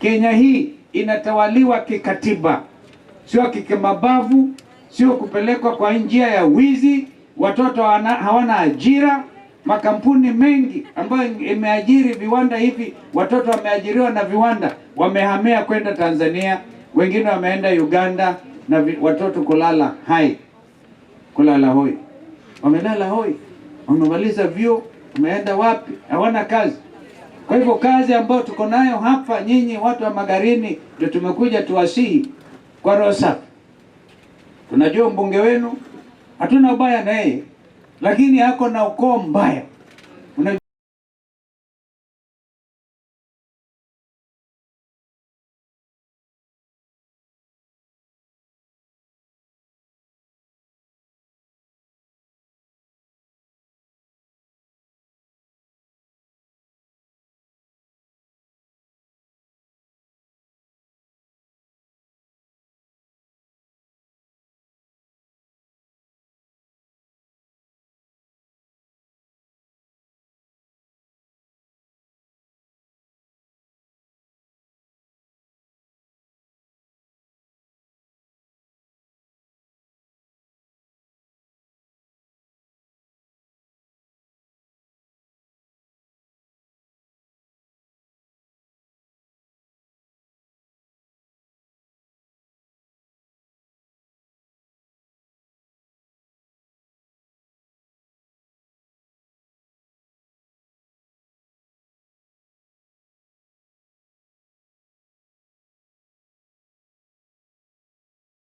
Kenya hii inatawaliwa kikatiba, sio kikimabavu, sio kupelekwa kwa njia ya wizi. Watoto wana, hawana ajira. Makampuni mengi ambayo imeajiri viwanda hivi, watoto wameajiriwa na viwanda wamehamia kwenda Tanzania, wengine wameenda Uganda na watoto kulala hai, kulala hoi, wamelala hoi, wamemaliza vyuo, wameenda wapi? Hawana kazi. Kwa hivyo kazi ambayo tuko nayo hapa, nyinyi watu wa Magarini, ndio tumekuja tuwasihi kwa roho safi. Tunajua mbunge wenu hatuna ubaya na yeye, lakini ako na ukoo mbaya.